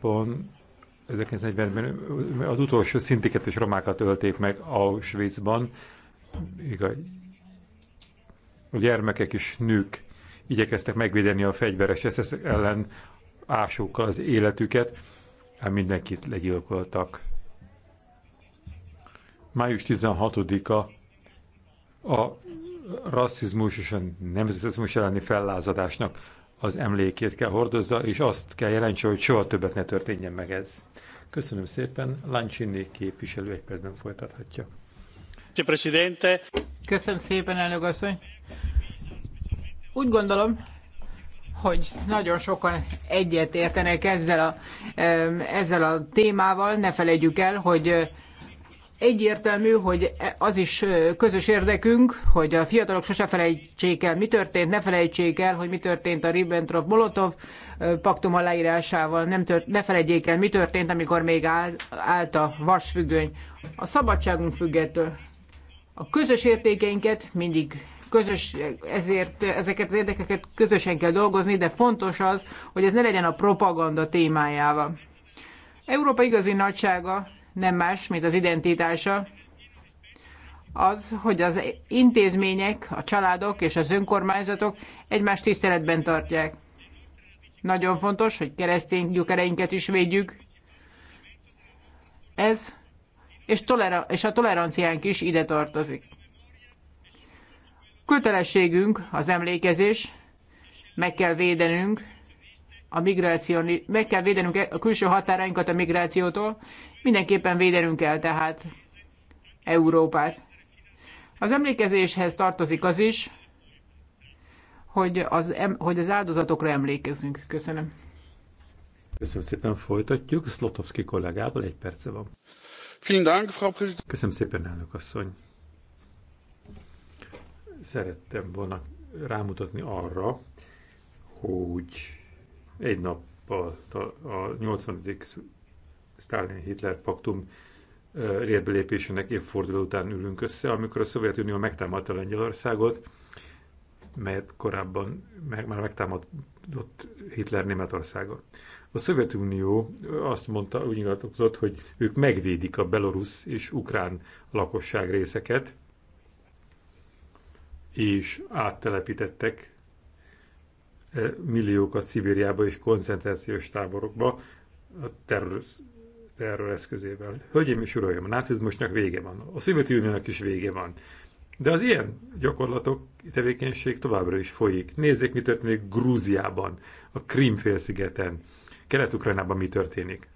Auschwitzban 1940-ben az utolsó szintiket és romákat ölték meg Auschwitzban. A gyermekek és nők igyekeztek megvédeni a fegyveres SS ellen ásókkal az életüket, ám mindenkit legyilkoltak. Május 16-a a rasszizmus és a nemzetizmus elleni fellázadásnak az emlékét kell hordozza, és azt kell jelentse, hogy soha többet ne történjen meg ez. Köszönöm szépen, Lancsini képviselő egy percben folytathatja. Köszönöm szépen, elnök asszony. Úgy gondolom, hogy nagyon sokan egyet értenek ezzel a, ezzel a témával. Ne felejtjük el, hogy egyértelmű, hogy az is közös érdekünk, hogy a fiatalok sose felejtsék el, mi történt, ne felejtsék el, hogy mi történt a Ribbentrop-Molotov paktum aláírásával, nem tört, ne felejtjék el, mi történt, amikor még áll, állt a vasfüggöny. A szabadságunk függettől. A közös értékeinket mindig közös, ezért ezeket az érdekeket közösen kell dolgozni, de fontos az, hogy ez ne legyen a propaganda témájával. Európa igazi nagysága nem más, mint az identitása, az, hogy az intézmények, a családok és az önkormányzatok egymást tiszteletben tartják. Nagyon fontos, hogy keresztény gyökereinket is védjük. Ez és, tolera- és a toleranciánk is ide tartozik. Kötelességünk az emlékezés, meg kell védenünk a migráció, meg kell védenünk a külső határainkat a migrációtól, Mindenképpen véderünk kell tehát Európát. Az emlékezéshez tartozik az is, hogy az, hogy az áldozatokra emlékezzünk. Köszönöm. Köszönöm szépen, folytatjuk. Slotovski kollégával egy perce van. Köszönöm szépen, elnök asszony. Szerettem volna rámutatni arra, hogy egy nappal a 80. Stalin-Hitler paktum lépésének évforduló után ülünk össze, amikor a Szovjetunió megtámadta Lengyelországot, melyet korábban meg, már megtámadott Hitler Németországot. A Szovjetunió azt mondta, úgy nyilatkozott, hogy ők megvédik a belorusz és ukrán lakosság részeket, és áttelepítettek milliókat Szibériába és koncentrációs táborokba a terrorist terror eszközével. Hölgyeim és uraim, a nácizmusnak vége van, a uniónak is vége van. De az ilyen gyakorlatok, tevékenység továbbra is folyik. Nézzék, mi történik Grúziában, a Krímfélszigeten, Kelet-Ukrajnában mi történik.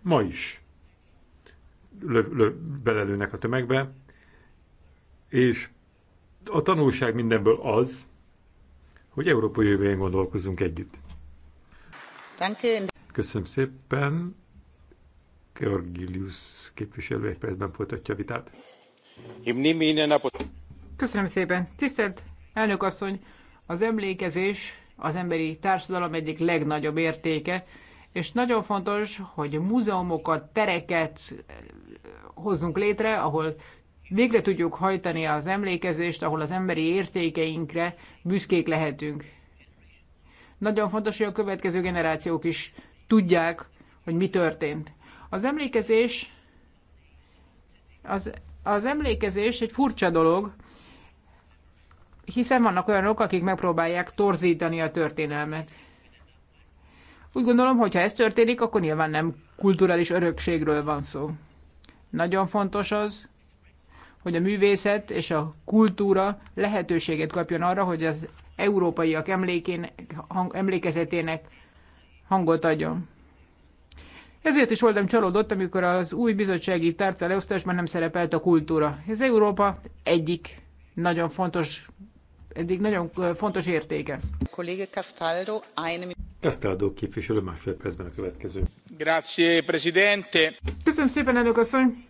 Ma is lö, lö, belelőnek a tömegbe, és a tanulság mindenből az, hogy európai jövőjén gondolkozunk együtt. Köszönöm szépen. Georgilius képviselő egy percben folytatja a vitát. Köszönöm szépen. Tisztelt elnök asszony, az emlékezés az emberi társadalom egyik legnagyobb értéke, és nagyon fontos, hogy múzeumokat, tereket hozzunk létre, ahol végre tudjuk hajtani az emlékezést, ahol az emberi értékeinkre büszkék lehetünk. Nagyon fontos, hogy a következő generációk is tudják, hogy mi történt. Az emlékezés, az, az emlékezés egy furcsa dolog, hiszen vannak olyanok, akik megpróbálják torzítani a történelmet. Úgy gondolom, hogy ha ez történik, akkor nyilván nem kulturális örökségről van szó. Nagyon fontos az, hogy a művészet és a kultúra lehetőséget kapjon arra, hogy az európaiak emlékének, hang, emlékezetének hangot adjon. Ezért is voltam csalódott, amikor az új bizottsági tárca leosztásban nem szerepelt a kultúra. Ez Európa egyik nagyon fontos, eddig nagyon fontos értéke. Kollége Castaldo, eine... Castaldo képviselő másfél percben a következő. Grazie, Presidente. Köszönöm szépen, elnök asszony.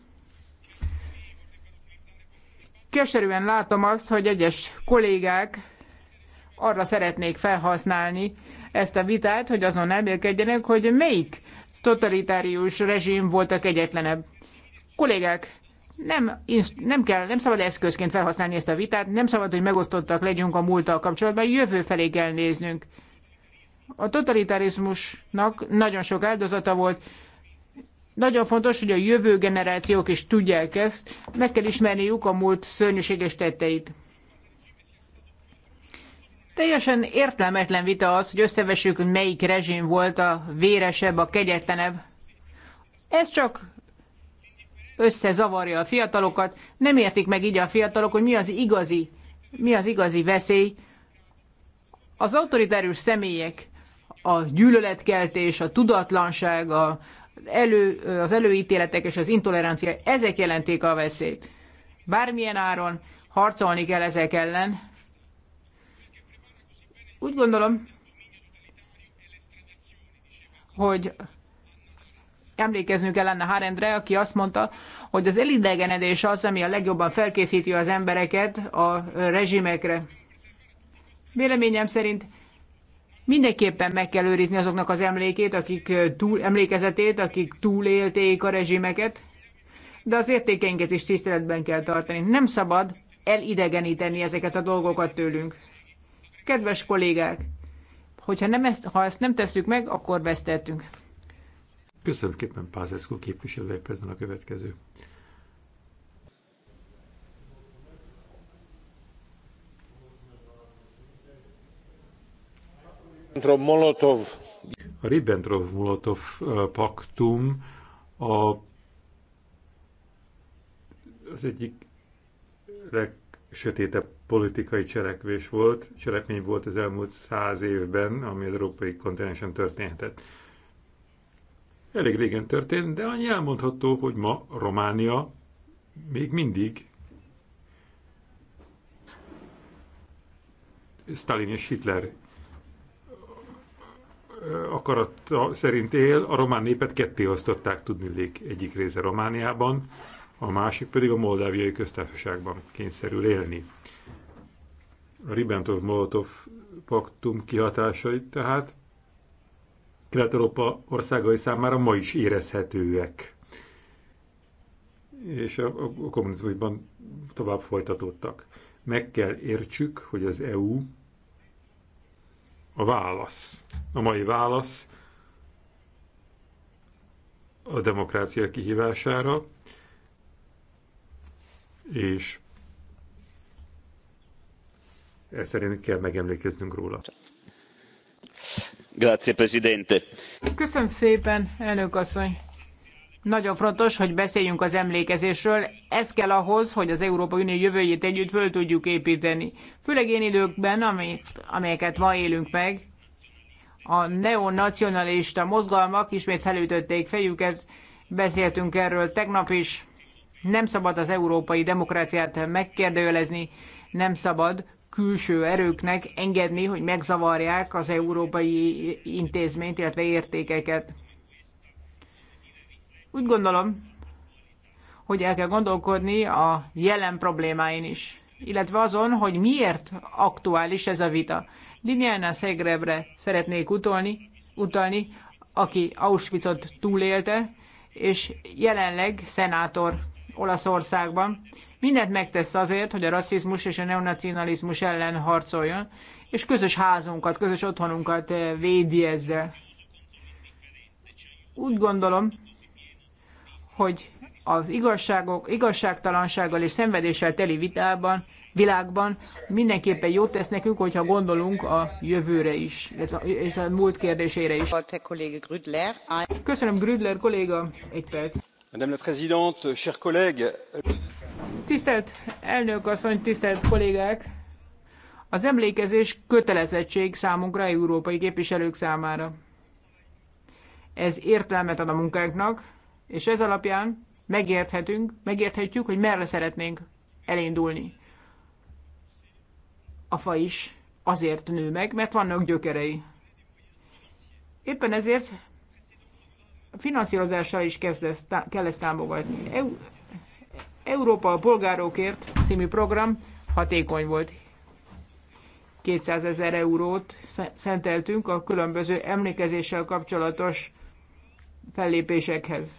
Keserűen látom azt, hogy egyes kollégák arra szeretnék felhasználni ezt a vitát, hogy azon elmélkedjenek, hogy melyik totalitárius rezsim voltak kegyetlenebb. Kollégák, nem, nem, kell, nem szabad eszközként felhasználni ezt a vitát, nem szabad, hogy megosztottak legyünk a múlttal kapcsolatban, jövő felé kell néznünk. A totalitarizmusnak nagyon sok áldozata volt, nagyon fontos, hogy a jövő generációk is tudják ezt, meg kell ismerniük a múlt szörnyűséges tetteit. Teljesen értelmetlen vita az, hogy összevessük, hogy melyik rezsim volt a véresebb, a kegyetlenebb. Ez csak összezavarja a fiatalokat, nem értik meg így a fiatalok, hogy mi az igazi, mi az igazi veszély. Az autoritárius személyek, a gyűlöletkeltés, a tudatlanság, a elő, az előítéletek és az intolerancia, ezek jelentik a veszélyt. Bármilyen áron harcolni kell ezek ellen, úgy gondolom, hogy emlékeznünk kellene Harendre, aki azt mondta, hogy az elidegenedés az, ami a legjobban felkészíti az embereket a rezsimekre. Véleményem szerint mindenképpen meg kell őrizni azoknak az emlékét, akik túl, emlékezetét, akik túlélték a rezsimeket, de az értékeinket is tiszteletben kell tartani. Nem szabad elidegeníteni ezeket a dolgokat tőlünk. Kedves kollégák, hogyha nem ezt, ha ezt nem tesszük meg, akkor vesztettünk. Köszönöm képen Pázeszkó képviselő egy percben a következő. Molotov. A Ribbentrop-Molotov paktum a, az egyik leg sötétebb politikai cselekvés volt, cselekmény volt az elmúlt száz évben, ami az európai kontinensen történhetett. Elég régen történt, de annyi elmondható, hogy ma Románia még mindig Stalin és Hitler akarata szerint él, a román népet ketté osztották tudnilék egyik része Romániában, a másik pedig a moldáviai köztársaságban kényszerül élni. A Ribbentrop-Molotov paktum kihatásai tehát Kelet-Európa országai számára ma is érezhetőek. És a, a kommunizmusban tovább folytatódtak. Meg kell értsük, hogy az EU a válasz. A mai válasz a demokrácia kihívására, és ez szerint kell megemlékeznünk róla. Grazie, Presidente. Köszönöm szépen, elnök asszony. Nagyon fontos, hogy beszéljünk az emlékezésről. Ez kell ahhoz, hogy az Európai Unió jövőjét együtt föl tudjuk építeni. Főleg én időkben, amit, amelyeket ma élünk meg, a neonacionalista mozgalmak ismét felütötték fejüket, beszéltünk erről tegnap is. Nem szabad az európai demokráciát megkérdőjelezni, nem szabad külső erőknek engedni, hogy megzavarják az európai intézményt, illetve értékeket. Úgy gondolom, hogy el kell gondolkodni a jelen problémáin is, illetve azon, hogy miért aktuális ez a vita. Liliana Szegrebre szeretnék utolni, utalni, aki Auschwitzot túlélte, és jelenleg szenátor Olaszországban. Mindent megtesz azért, hogy a rasszizmus és a neonacionalizmus ellen harcoljon, és közös házunkat, közös otthonunkat eh, védi ezzel. Úgy gondolom, hogy az igazságok, igazságtalansággal és szenvedéssel teli vitában, világban mindenképpen jót tesz nekünk, hogyha gondolunk a jövőre is, és a múlt kérdésére is. Köszönöm, Grüdler kolléga, egy perc. Madame la Présidente, chers collègues. Tisztelt elnök asszony, tisztelt kollégák! Az emlékezés kötelezettség számunkra, európai képviselők számára. Ez értelmet ad a munkánknak, és ez alapján megérthetünk, megérthetjük, hogy merre szeretnénk elindulni. A fa is azért nő meg, mert vannak gyökerei. Éppen ezért finanszírozással is kezd ezt, kell ezt támogatni. EU, Európa a polgárokért című program hatékony volt. 200 ezer eurót szenteltünk a különböző emlékezéssel kapcsolatos fellépésekhez.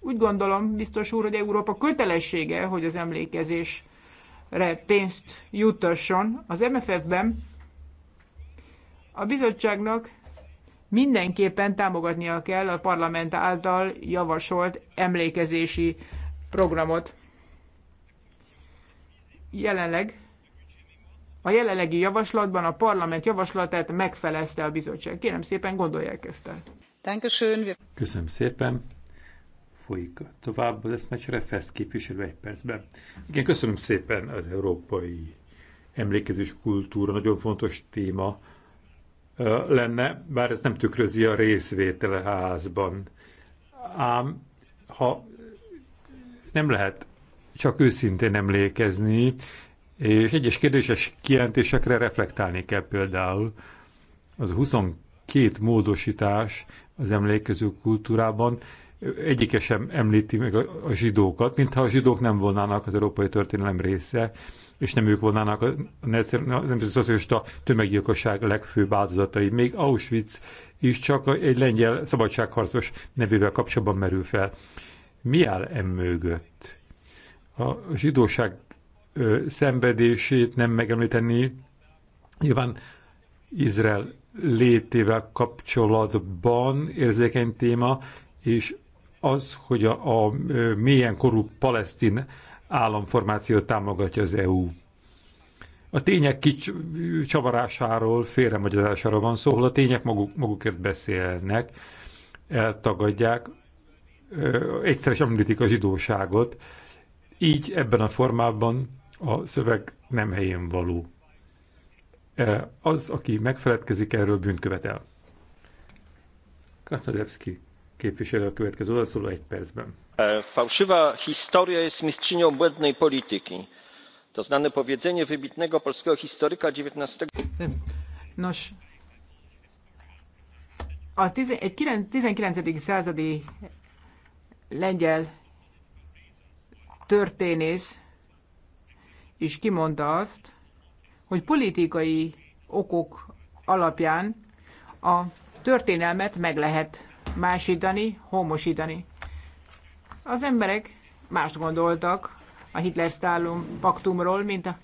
Úgy gondolom, biztos úr, hogy Európa kötelessége, hogy az emlékezésre pénzt juttasson. Az MFF-ben a bizottságnak mindenképpen támogatnia kell a parlament által javasolt emlékezési programot. Jelenleg a jelenlegi javaslatban a parlament javaslatát megfelezte a bizottság. Kérem szépen, gondolják ezt el. Köszönöm szépen. Folyik tovább az eszmecsere, FESZ képviselő egy percben. Igen, köszönöm szépen az európai emlékezés kultúra, nagyon fontos téma lenne, bár ez nem tükrözi a részvétele házban. Ám ha nem lehet csak őszintén emlékezni, és egyes kérdéses kijelentésekre reflektálni kell például. Az 22 módosítás az emlékező kultúrában egyike sem említi meg a zsidókat, mintha a zsidók nem volnának az európai történelem része, és nem ők volnának a nemzetszocialista tömeggyilkosság legfőbb áldozatai. Még Auschwitz is csak egy lengyel szabadságharcos nevével kapcsolatban merül fel. Mi áll emögött? A zsidóság ö, szenvedését nem megemlíteni, nyilván Izrael létével kapcsolatban érzékeny téma, és az, hogy a, a mélyen korú palesztin államformációt támogatja az EU. A tények csavarásáról, félremagyarásáról van szó, hol a tények maguk, magukért beszélnek, eltagadják, egyszer is említik a zsidóságot, így ebben a formában a szöveg nem helyén való. Az, aki megfeledkezik, erről bűnkövetel. Krasznodevszki képviselő a következő odaszóló egy percben. E, fałszywa historia jest mistrzynią błędnej polityki. To znane powiedzenie wybitnego polskiego historyka XIX... Nos, a 19. századi lengyel történész is kimondta azt, hogy politikai okok alapján a történelmet meg lehet másítani, homosítani. Az emberek mást gondoltak a hitler stálum paktumról, mint, a,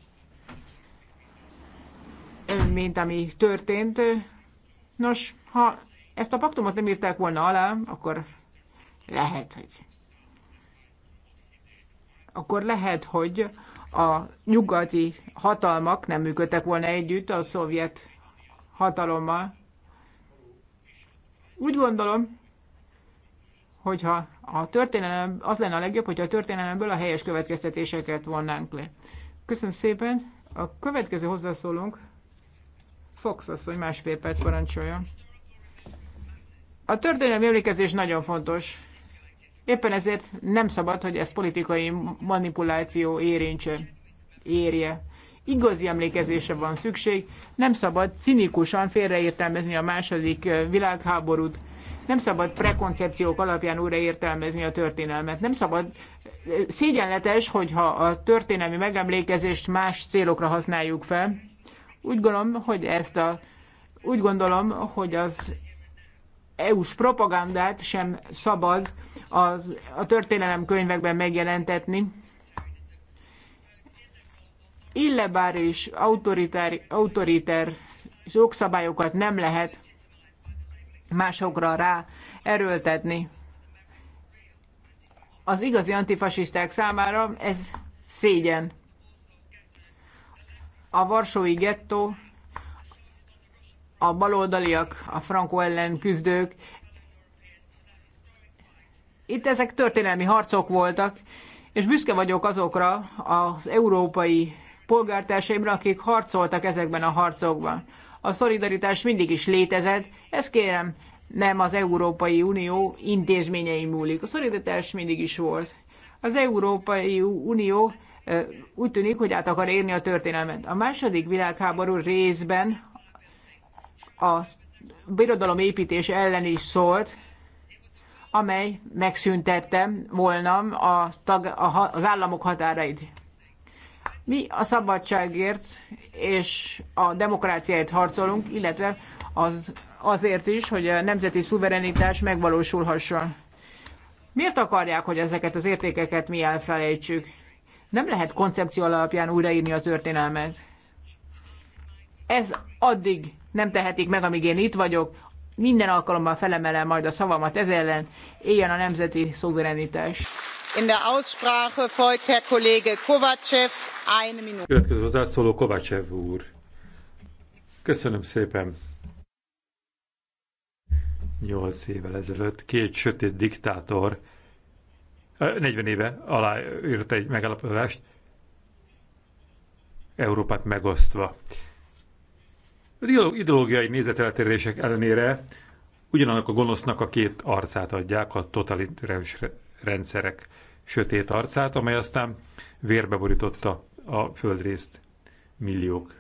mint ami történt. Nos, ha ezt a paktumot nem írták volna alá, akkor lehet, hogy akkor lehet, hogy a nyugati hatalmak nem működtek volna együtt a szovjet hatalommal. Úgy gondolom, hogyha a történelem, az lenne a legjobb, hogyha a történelemből a helyes következtetéseket vonnánk le. Köszönöm szépen. A következő hozzászólunk Fox asszony másfél perc parancsolja. A történelmi emlékezés nagyon fontos. Éppen ezért nem szabad, hogy ez politikai manipuláció érintse, érje. Igazi emlékezésre van szükség, nem szabad cinikusan félreértelmezni a második világháborút, nem szabad prekoncepciók alapján újraértelmezni a történelmet. Nem szabad szégyenletes, hogyha a történelmi megemlékezést más célokra használjuk fel. Úgy gondolom, hogy ezt a úgy gondolom, hogy az EU-s propagandát sem szabad az, a történelem könyvekben megjelentetni illebáris, autoritár, autoriter jogszabályokat nem lehet másokra rá erőltetni. Az igazi antifasiszták számára ez szégyen. A Varsói gettó, a baloldaliak, a frankó ellen küzdők, itt ezek történelmi harcok voltak, és büszke vagyok azokra az európai polgártársaimra, akik harcoltak ezekben a harcokban. A szolidaritás mindig is létezett, ez kérem, nem az Európai Unió intézményei múlik. A szolidaritás mindig is volt. Az Európai Unió úgy tűnik, hogy át akar érni a történelmet. A második világháború részben a birodalom építés ellen is szólt, amely megszüntette volna a tag, a, az államok határait. Mi a szabadságért és a demokráciáért harcolunk, illetve az, azért is, hogy a nemzeti szuverenitás megvalósulhasson. Miért akarják, hogy ezeket az értékeket mi elfelejtsük? Nem lehet koncepció alapján újraírni a történelmet. Ez addig nem tehetik meg, amíg én itt vagyok. Minden alkalommal felemelem majd a szavamat ez ellen. Éljen a nemzeti szuverenitás in der aussprache folgt herr kollege eine minute. köszönöm szépen. nyolc évvel ezelőtt két sötét diktátor 40 éve aláírt egy megállapodást, Európát megosztva. Ideológiai nézeteltérések ellenére ugyanannak a gonosznak a két arcát adják, a totalitárius rendszerek sötét arcát, amely aztán vérbe borította a földrészt. Milliók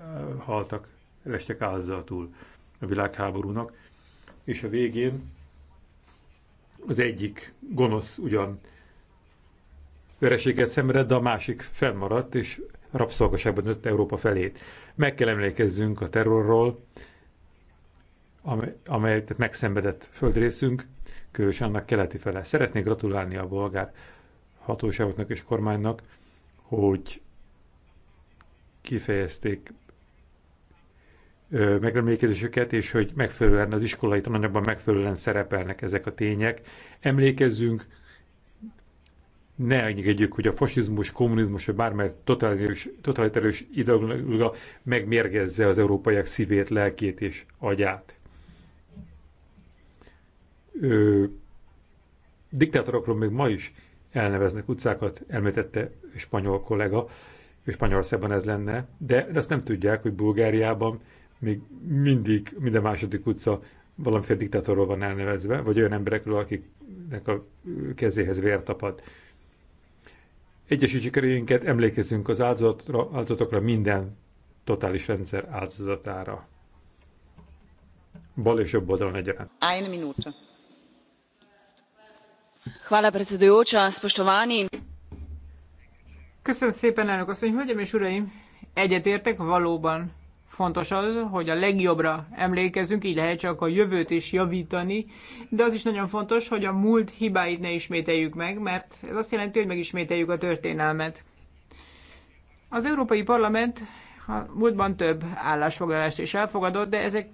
eh, haltak, estek áldozatul a világháborúnak, és a végén az egyik gonosz ugyan vereséget szenvedett, de a másik fennmaradt, és rabszolgaságban nőtt Európa felét. Meg kell emlékezzünk a terrorról, amelyet megszenvedett földrészünk, különösen annak keleti fele. Szeretnék gratulálni a bolgár hatóságoknak és kormánynak, hogy kifejezték megremlékezésüket, és hogy megfelelően az iskolai tananyagban megfelelően szerepelnek ezek a tények. Emlékezzünk, ne engedjük, hogy a fasizmus, kommunizmus, vagy bármely totalitárius ideológia megmérgezze az európaiak szívét, lelkét és agyát ö, diktátorokról még ma is elneveznek utcákat, említette spanyol kollega, Spanyolországban ez lenne, de azt nem tudják, hogy Bulgáriában még mindig minden második utca valamiféle diktátorról van elnevezve, vagy olyan emberekről, akiknek a kezéhez vér tapad. Egyesítsük erőinket, emlékezzünk az áldozatra, áldozatokra, minden totális rendszer áldozatára. Bal és jobb oldalon egyaránt. Egy minúta. Köszönöm szépen, hölgyeim és uraim! Egyetértek, valóban fontos az, hogy a legjobbra emlékezzünk, gy lehet csak a jövőt is javítani, de az is nagyon fontos, hogy a múlt hibáit ne ismételjük meg, mert ez azt jelenti, hogy megismételjük a történelmet. Az Európai Parlament a múltban több állásfoglalást is elfogadott, de ezek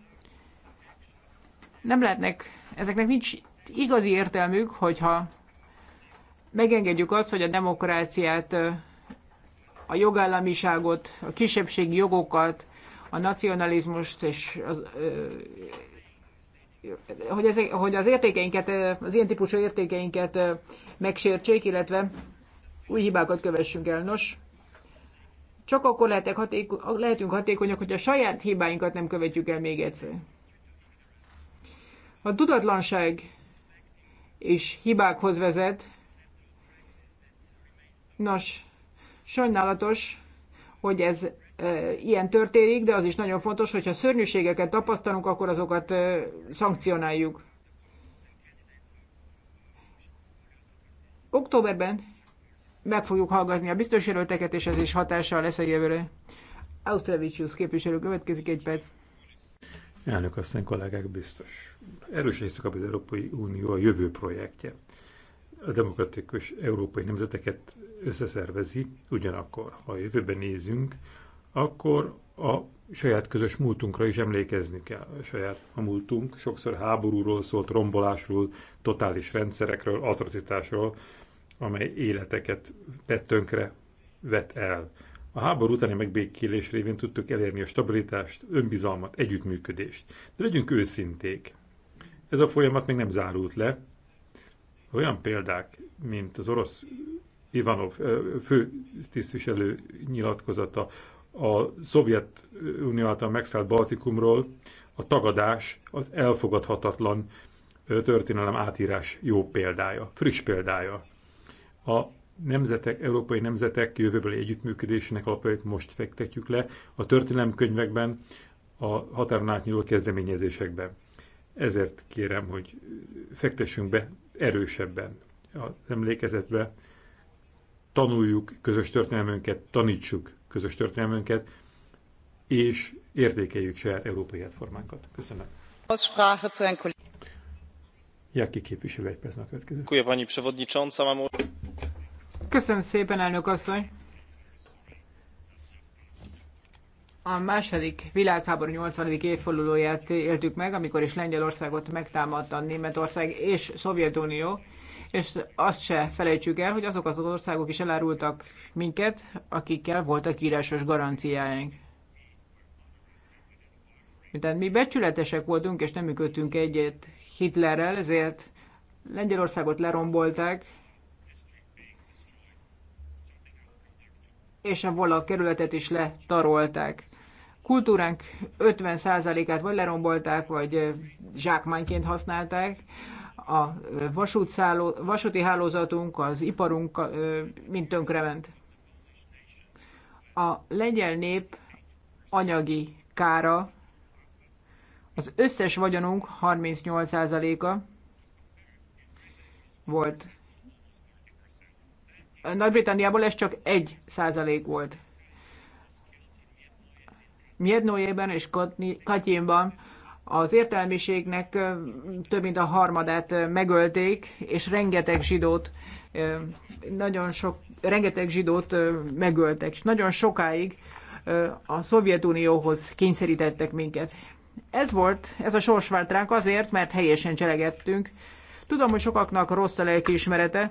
nem lehetnek, ezeknek nincs igazi értelmük, hogyha megengedjük azt, hogy a demokráciát, a jogállamiságot, a kisebbségi jogokat, a nacionalizmust és az, hogy, ez, hogy az értékeinket, az ilyen típusú értékeinket megsértsék, illetve új hibákat kövessünk el. Nos, csak akkor lehetek hatéko- lehetünk hatékonyak, hogy a saját hibáinkat nem követjük el még egyszer. A tudatlanság és hibákhoz vezet. Nos, sajnálatos, hogy ez e, ilyen történik, de az is nagyon fontos, hogyha szörnyűségeket tapasztalunk, akkor azokat e, szankcionáljuk. Októberben meg fogjuk hallgatni a biztos jelölteket, és ez is hatással lesz a jövőre. Ausztrevicius képviselő következik egy perc. Elnök asszony kollégák biztos. Erős éjszaka az Európai Unió a jövő projektje. A demokratikus európai nemzeteket összeszervezi, ugyanakkor, ha a jövőben nézünk, akkor a saját közös múltunkra is emlékezni kell. A saját a múltunk sokszor háborúról szólt, rombolásról, totális rendszerekről, atrocitásról, amely életeket tett tönkre, vet el. A háború utáni megbékélés révén tudtuk elérni a stabilitást, önbizalmat, együttműködést. De legyünk őszinték. Ez a folyamat még nem zárult le. Olyan példák, mint az orosz Ivanov fő tisztviselő nyilatkozata a Szovjetunió által megszállt Baltikumról, a tagadás az elfogadhatatlan történelem átírás jó példája, friss példája. A nemzetek, európai nemzetek jövőbeli együttműködésének alapjait most fektetjük le a történelemkönyvekben, a határon átnyúló kezdeményezésekben. Ezért kérem, hogy fektessünk be erősebben az emlékezetbe, tanuljuk közös történelmünket, tanítsuk közös történelmünket, és értékeljük saját európai átformánkat. Köszönöm. Jaki képviselő egy perc a következő. Köszönöm szépen, elnök asszony! A második világháború 80. évfordulóját éltük meg, amikor is Lengyelországot megtámadta Németország és Szovjetunió, és azt se felejtsük el, hogy azok az országok is elárultak minket, akikkel voltak írásos garanciáink. Tehát mi becsületesek voltunk, és nem működtünk egyet Hitlerrel, ezért Lengyelországot lerombolták, és a kerületet is letarolták. Kultúránk 50%-át vagy lerombolták, vagy zsákmányként használták. A szálló vasúti hálózatunk, az iparunk mind tönkrement. A lengyel nép anyagi kára az összes vagyonunk 38%-a volt nagy-Britanniából ez csak 1 százalék volt. Miednójében és Katyinban az értelmiségnek több mint a harmadát megölték, és rengeteg zsidót, nagyon sok, rengeteg zsidót megöltek, és nagyon sokáig a Szovjetunióhoz kényszerítettek minket. Ez volt, ez a sors ránk azért, mert helyesen cselekedtünk. Tudom, hogy sokaknak rossz a lelkiismerete,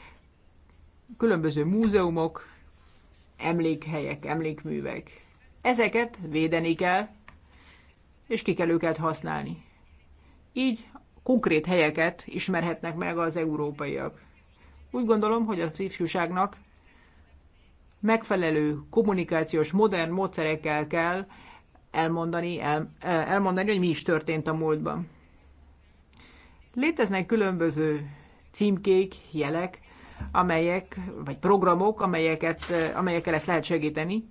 különböző múzeumok, emlékhelyek, emlékművek. Ezeket védeni kell, és ki kell őket használni. Így konkrét helyeket ismerhetnek meg az európaiak. Úgy gondolom, hogy a ifjúságnak megfelelő kommunikációs modern módszerekkel kell elmondani, el, elmondani, hogy mi is történt a múltban. Léteznek különböző címkék, jelek, amelyek, vagy programok, amelyeket, amelyekkel ezt lehet segíteni.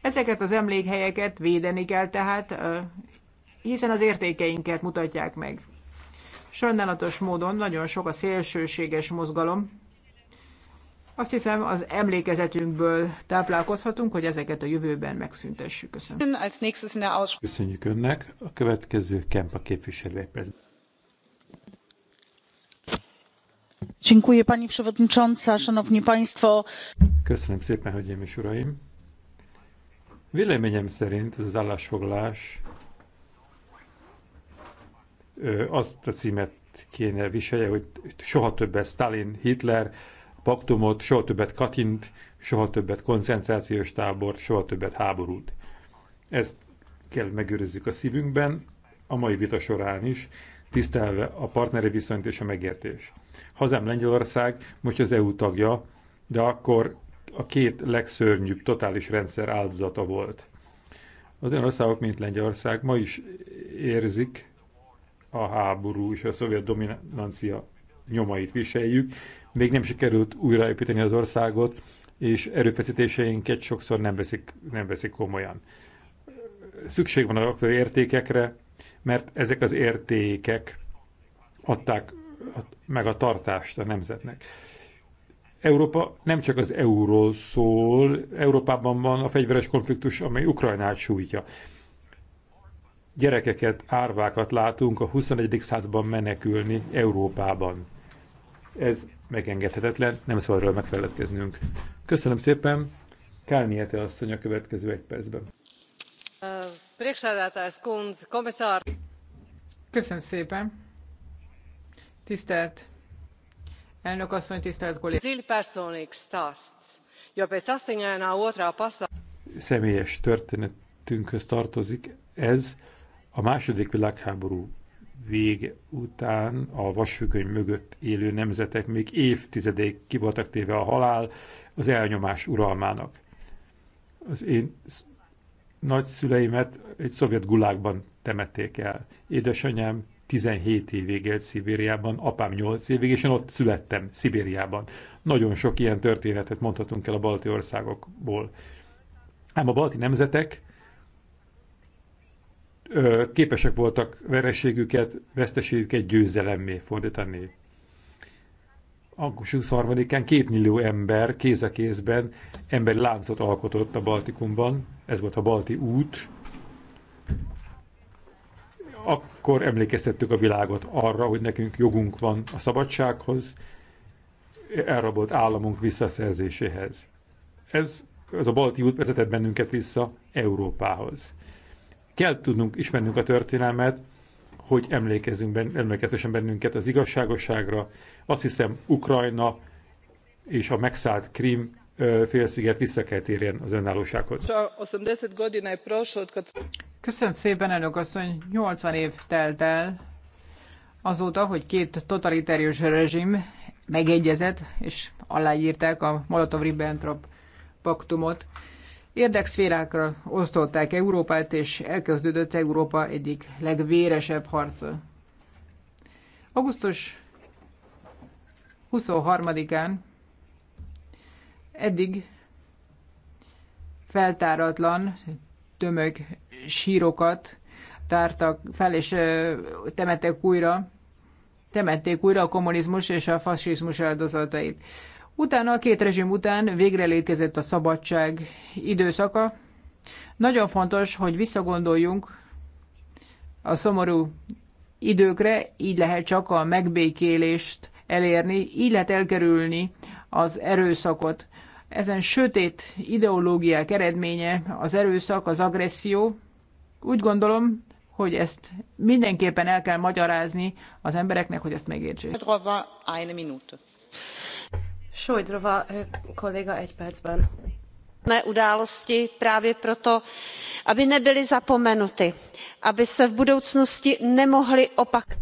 Ezeket az emlékhelyeket védeni kell tehát, hiszen az értékeinket mutatják meg. Sajnálatos módon nagyon sok a szélsőséges mozgalom. Azt hiszem, az emlékezetünkből táplálkozhatunk, hogy ezeket a jövőben megszüntessük. Köszönöm. Köszönjük önnek. A következő Kempa képviselő. pani przewodnicząca! szanowni państwo! köszönöm szépen hölgyeim és uraim! véleményem szerint ez az állásfoglalás azt a címet kéne viselje, hogy soha többet Stalin, Hitler, paktumot, soha többet Katint, soha többet koncentrációs tábort, soha többet háborút. Ezt kell megőrizzük a szívünkben, a mai vita során is, tisztelve a partneri viszonyt és a megértés. Hazám Lengyelország most az EU tagja, de akkor a két legszörnyűbb totális rendszer áldozata volt. Az olyan országok, mint Lengyelország ma is érzik a háború és a szovjet dominancia nyomait viseljük. Még nem sikerült újraépíteni az országot, és erőfeszítéseinket sokszor nem veszik, nem veszik komolyan. Szükség van a értékekre, mert ezek az értékek adták meg a tartást a nemzetnek. Európa nem csak az euróról szól, Európában van a fegyveres konfliktus, amely Ukrajnát sújtja. Gyerekeket, árvákat látunk a 21. században menekülni Európában. Ez megengedhetetlen, nem szabad erről megfeledkeznünk. Köszönöm szépen, Kálniete asszony a következő egy percben. Uh. Köszönöm szépen. Tisztelt elnök asszony, tisztelt kollégák! Személyes történetünkhöz tartozik ez. A második világháború vége után a vasfüggöny mögött élő nemzetek még évtizedek ki voltak téve a halál az elnyomás uralmának. Az én Nagyszüleimet egy szovjet gulágban temették el. Édesanyám 17 évig élt Szibériában, apám 8 évig, és én ott születtem, Szibériában. Nagyon sok ilyen történetet mondhatunk el a balti országokból. Ám a balti nemzetek ö, képesek voltak vereségüket, veszteségüket győzelemmé fordítani augusztus 23-án két millió ember kéz a kézben emberi láncot alkotott a Baltikumban. Ez volt a Balti út. Akkor emlékeztettük a világot arra, hogy nekünk jogunk van a szabadsághoz, elrabolt államunk visszaszerzéséhez. Ez, ez a balti út vezetett bennünket vissza Európához. Kell tudnunk ismernünk a történelmet, hogy emlékezzünk ben, emlékezzessen bennünket az igazságosságra. Azt hiszem, Ukrajna és a megszállt Krím félsziget vissza kell térjen az önállósághoz. Köszönöm szépen, elnök asszony. 80 év telt el azóta, hogy két totalitárius rezsim megegyezett, és aláírták a Molotov-Ribbentrop paktumot. Érdekszférákra osztották Európát, és elkezdődött Európa egyik legvéresebb harca. Augusztus 23-án eddig feltáratlan tömök sírokat tártak fel, és temettek újra, temették újra a kommunizmus és a fasizmus áldozatait. Utána a két rezsim után végre elérkezett a szabadság időszaka. Nagyon fontos, hogy visszagondoljunk a szomorú időkre, így lehet csak a megbékélést elérni, így lehet elkerülni az erőszakot. Ezen sötét ideológiák eredménye az erőszak, az agresszió. Úgy gondolom, hogy ezt mindenképpen el kell magyarázni az embereknek, hogy ezt megértsék. Šojdrova eh, kolléga egy percben. Ne události právě proto, aby nebyly zapomenuty, aby se v budoucnosti nemohly opakovat.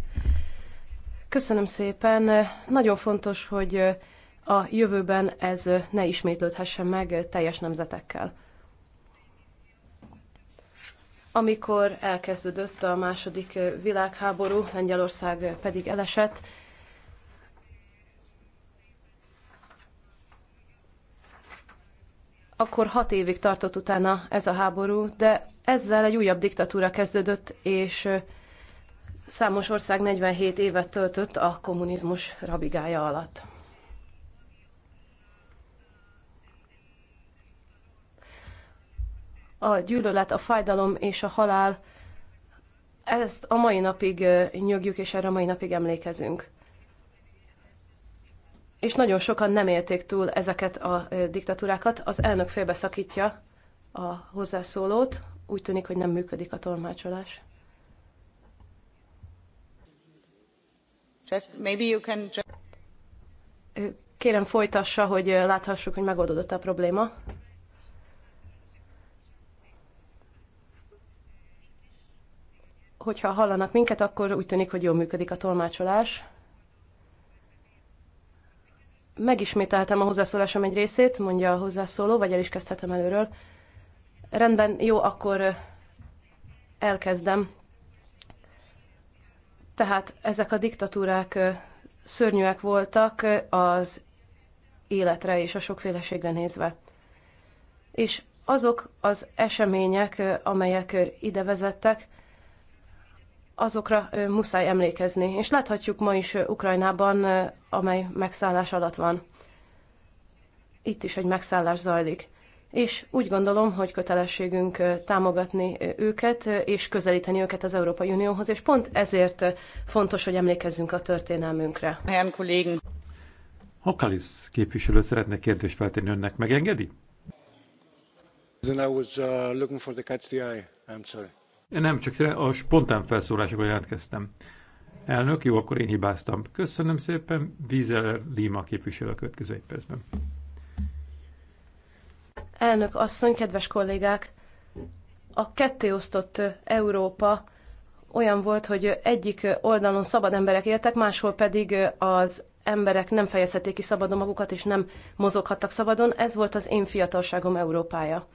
Köszönöm szépen. Nagyon fontos, hogy eh, a jövőben ez eh, ne ismétlődhessen meg teljes nemzetekkel. Amikor elkezdődött a második világháború, Lengyelország pedig elesett, Akkor hat évig tartott utána ez a háború, de ezzel egy újabb diktatúra kezdődött, és számos ország 47 évet töltött a kommunizmus rabigája alatt. A gyűlölet, a fájdalom és a halál, ezt a mai napig nyögjük, és erre a mai napig emlékezünk és nagyon sokan nem élték túl ezeket a diktatúrákat. Az elnök félbeszakítja a hozzászólót, úgy tűnik, hogy nem működik a tolmácsolás. Just maybe you can Kérem folytassa, hogy láthassuk, hogy megoldódott a probléma. Hogyha hallanak minket, akkor úgy tűnik, hogy jól működik a tolmácsolás. Megismételtem a hozzászólásom egy részét, mondja a hozzászóló, vagy el is kezdhetem előről. Rendben, jó, akkor elkezdem. Tehát ezek a diktatúrák szörnyűek voltak az életre és a sokféleségre nézve. És azok az események, amelyek ide vezettek, azokra muszáj emlékezni, és láthatjuk ma is Ukrajnában, amely megszállás alatt van. Itt is egy megszállás zajlik. És úgy gondolom, hogy kötelességünk támogatni őket, és közelíteni őket az Európai Unióhoz, és pont ezért fontos, hogy emlékezzünk a történelmünkre. Herrn kollégen. Hakalis képviselő szeretne kérdést feltenni önnek, megengedi? Then I was uh, looking for the catch the eye. I'm sorry. Nem, csak a spontán felszólásokra jelentkeztem. Elnök, jó, akkor én hibáztam. Köszönöm szépen, Vízel Lima képviselő a következő egy percben. Elnök asszony, kedves kollégák! A kettéosztott Európa olyan volt, hogy egyik oldalon szabad emberek éltek, máshol pedig az emberek nem fejezhették ki szabadon magukat, és nem mozoghattak szabadon. Ez volt az én fiatalságom Európája.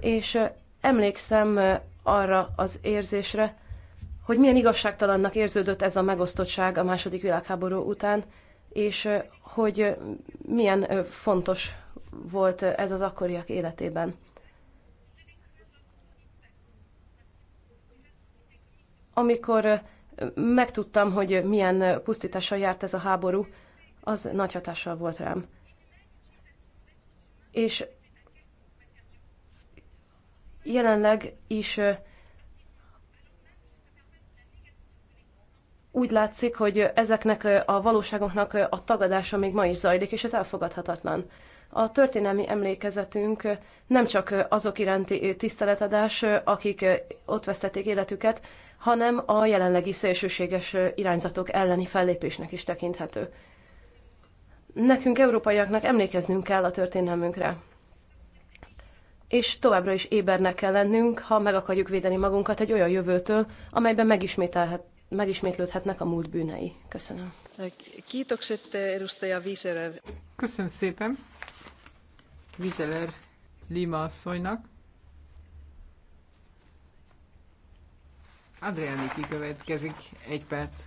És emlékszem arra az érzésre, hogy milyen igazságtalannak érződött ez a megosztottság a második világháború után, és hogy milyen fontos volt ez az akkoriak életében. Amikor megtudtam, hogy milyen pusztítással járt ez a háború, az nagy hatással volt rám. És jelenleg is úgy látszik, hogy ezeknek a valóságoknak a tagadása még ma is zajlik, és ez elfogadhatatlan. A történelmi emlékezetünk nem csak azok iránti tiszteletadás, akik ott vesztették életüket, hanem a jelenlegi szélsőséges irányzatok elleni fellépésnek is tekinthető. Nekünk, európaiaknak emlékeznünk kell a történelmünkre és továbbra is ébernek kell lennünk, ha meg akarjuk védeni magunkat egy olyan jövőtől, amelyben megismételhet, megismétlődhetnek a múlt bűnei. Köszönöm. Köszönöm szépen Vizeler Lima asszonynak. Adrián Miki következik egy perc.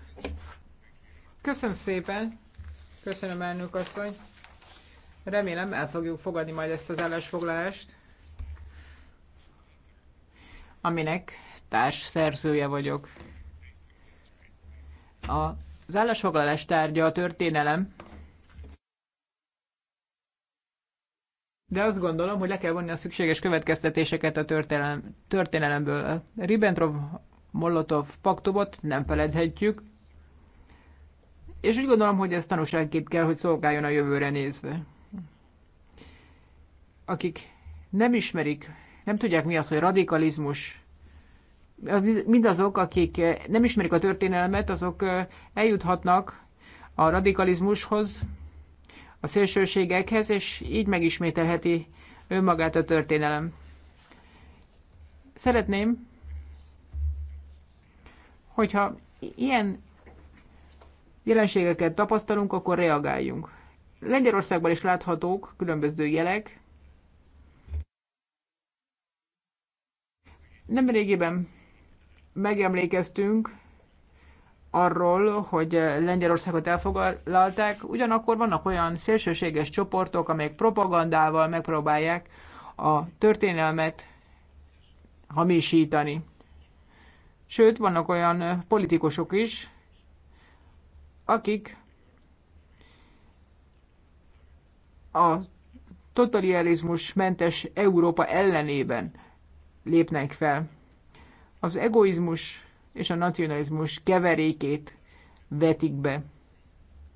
Köszönöm szépen. Köszönöm, elnök asszony. Remélem el fogjuk fogadni majd ezt az állásfoglalást aminek társ szerzője vagyok. Az állásfoglalás tárgya a történelem, de azt gondolom, hogy le kell vonni a szükséges következtetéseket a történelem, történelemből. Ribbentrop-Molotov paktumot nem feledhetjük, és úgy gondolom, hogy ez tanúságként kell, hogy szolgáljon a jövőre nézve. Akik nem ismerik nem tudják mi az, hogy radikalizmus. Mindazok, akik eh, nem ismerik a történelmet, azok eh, eljuthatnak a radikalizmushoz, a szélsőségekhez, és így megismételheti önmagát a történelem. Szeretném, hogyha ilyen jelenségeket tapasztalunk, akkor reagáljunk. Lengyelországban is láthatók különböző jelek, Nem megemlékeztünk arról, hogy Lengyelországot elfoglalták, ugyanakkor vannak olyan szélsőséges csoportok, amelyek propagandával megpróbálják a történelmet hamisítani. Sőt, vannak olyan politikusok is, akik a totalitarizmus mentes Európa ellenében lépnek fel. Az egoizmus és a nacionalizmus keverékét vetik be.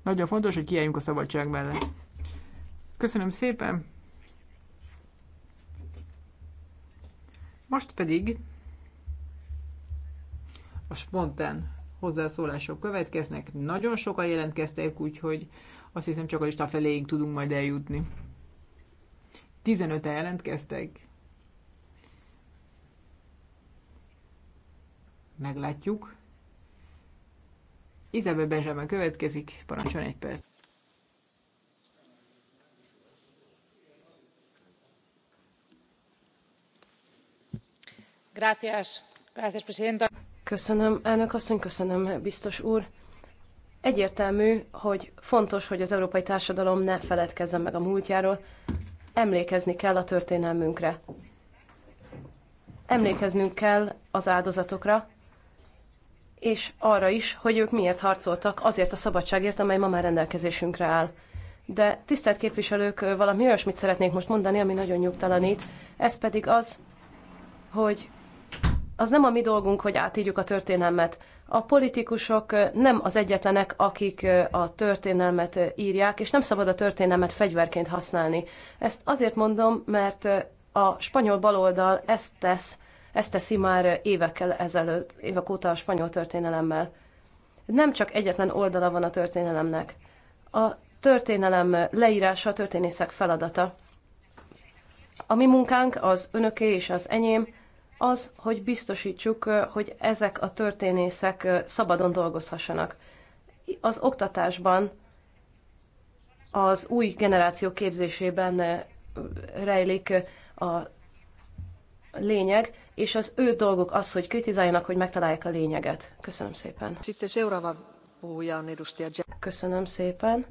Nagyon fontos, hogy kiálljunk a szabadság mellett. Köszönöm szépen! Most pedig a spontán hozzászólások következnek. Nagyon sokan jelentkeztek, úgyhogy azt hiszem csak a lista feléig tudunk majd eljutni. 15-en jelentkeztek. meglátjuk. Izabel Benjamin következik, parancsoljon egy perc. Gracias. Gracias, presidenta. Köszönöm, elnök asszony, köszönöm, biztos úr. Egyértelmű, hogy fontos, hogy az európai társadalom ne feledkezzen meg a múltjáról, emlékezni kell a történelmünkre. Emlékeznünk kell az áldozatokra, és arra is, hogy ők miért harcoltak azért a szabadságért, amely ma már rendelkezésünkre áll. De tisztelt képviselők, valami olyasmit szeretnék most mondani, ami nagyon nyugtalanít. Ez pedig az, hogy az nem a mi dolgunk, hogy átírjuk a történelmet. A politikusok nem az egyetlenek, akik a történelmet írják, és nem szabad a történelmet fegyverként használni. Ezt azért mondom, mert a spanyol baloldal ezt tesz, ezt teszi már évekkel ezelőtt, évek óta a spanyol történelemmel. Nem csak egyetlen oldala van a történelemnek. A történelem leírása a történészek feladata. A mi munkánk, az önöké és az enyém, az, hogy biztosítsuk, hogy ezek a történészek szabadon dolgozhassanak. Az oktatásban, az új generáció képzésében rejlik a lényeg, és az ő dolguk az, hogy kritizáljanak, hogy megtalálják a lényeget. Köszönöm szépen. Köszönöm szépen.